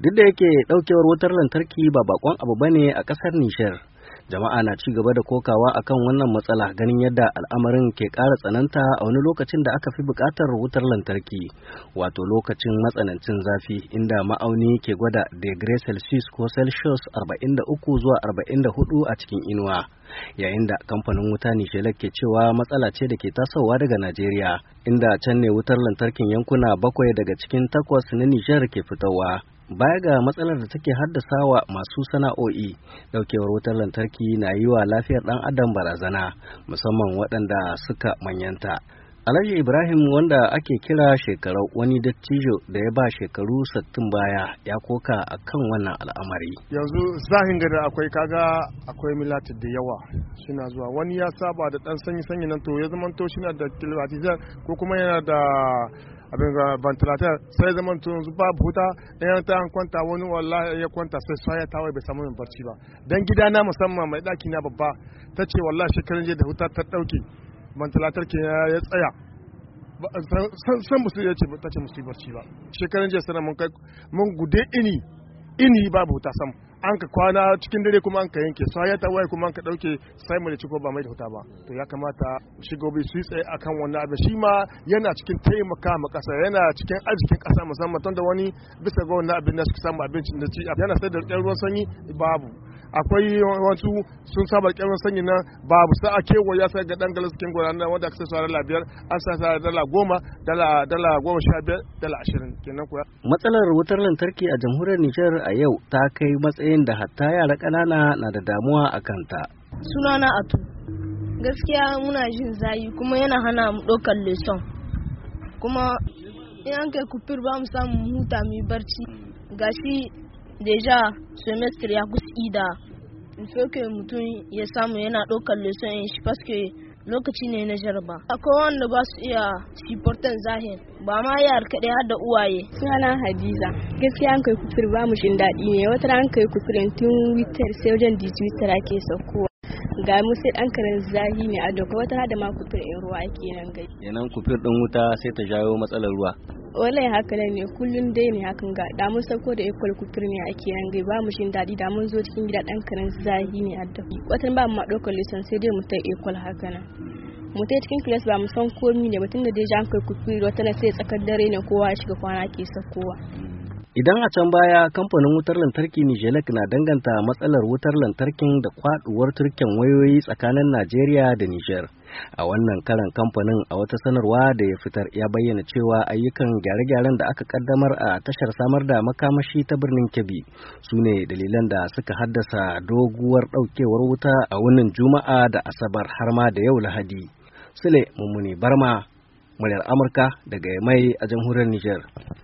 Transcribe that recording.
duk da yake daukewar wutar lantarki ba bakon abu bane a kasar Nijar. Jama'a na ci gaba da kokawa akan wannan matsala ganin yadda al'amarin ke kara tsananta a wani lokacin da aka fi bukatar wutar lantarki, wato lokacin matsanancin zafi inda ma'auni ke gwada degree Celsius ko Celsius 43 zuwa 44 a cikin inuwa. Yayin da kamfanin wuta Nishelek ke cewa matsala ce da ke tasowa daga Najeriya, inda can ne wutar lantarkin yankuna bakwai daga cikin takwas na Nijar ke fitowa. baya ga matsalar da take haddasa wa masu sana'o'i daukewar wutar lantarki na yi wa lafiyar dan adam barazana musamman waɗanda suka manyanta Alhaji Ibrahim wanda ake kira shekarau wani dattijo da ya ba shekaru sattin baya ya koka a kan wannan al'amari. Yanzu zahin gada akwai kaga akwai milati da yawa suna zuwa wani ya saba da dan sanyi sanyi nan to ya zama to shi da kilvatizar ko kuma yana da abin ga ventilator sai zaman tun babu huta ɗaya ta an kwanta wani wallahi ya kwanta sai sai ta wai bai samu min barci ba dan gida na musamman mai ɗaki na babba ta ce wallahi shekarun jiya da huta ta ɗauke ventilator ke ya tsaya san musu ya ce ta ce musu barci ba shekaran jiya sana mun kai mun gude ini ini babu ta sam an ka kwana cikin dare kuma an ka yanke su ya tawaye kuma an ka dauke sai mu da ba mai da huta ba to ya kamata shigobi su tsaye akan wannan abin shi ma yana cikin taimaka ma kasa yana cikin arzikin kasa musamman tunda wani bisa ga wannan abin da suka samu abincin da ci yana sai da ruwan sanyi babu akwai wasu sun saba kyan sanyi na babu sa a kewa ya sai ga dan galas kin gona wanda aka sai dala biyar an sa sa dala goma dala dala goma sha biyar dala ashirin kenan kuwa matsalar wutar lantarki a jamhuriyar Nijar a yau ta kai matsayi matsayin da hatta yara ƙanana na da damuwa a kanta. Sunana Atu. Gaskiya muna jin zayi kuma yana hana mu ɗaukar leson. Kuma in an kai kufir ba mu samu huta mai barci. Gashi deja semester ya kusi da. Soke mutum ya samu yana ɗaukar leson shi paske lokaci ne na jarba akwai wanda ba su iya siportan zahir ba ma yar kaɗai har da uwaye sunana hadiza gaskiya an kai kusur ba mu shin daɗi ne wata ran kai kusurin tun wutar sai wajen twitter ake saukowa ga mu sai dan karen zahi ne a doka wata da ma kufir in ruwa ake nan gai yanan kufir din wuta sai ta jawo matsalar ruwa ya haka ne kullun dai ne hakan ga da mun sako da ikwal kufir ne ake nan gai ba mu shin dadi da mun zo cikin gida dan karen zahi ne a doka wata. ba mu ma dokar lisan sai dai mu ta ikwal haka nan mu ta cikin kilas ba mu san komi ne batun da dai jan kai kufir wata na sai tsakar dare ne kowa ya shiga kwana ke sakowa hmm. Idan a can baya kamfanin wutar lantarki Nijelek na danganta matsalar wutar lantarkin da kwaduwar turken wayoyi tsakanin Najeriya da Nijar. A wannan karan kamfanin a wata sanarwa da ya fitar ya bayyana cewa ayyukan gyare-gyaren da aka kaddamar a tashar samar da makamashi ta birnin Kebbi su ne dalilan da suka haddasa doguwar daukewar wuta a wannan Juma'a da Asabar har ma da yau Lahadi. Sule Mummuni Barma, muryar Amurka daga mai a jamhuriyar Nijar.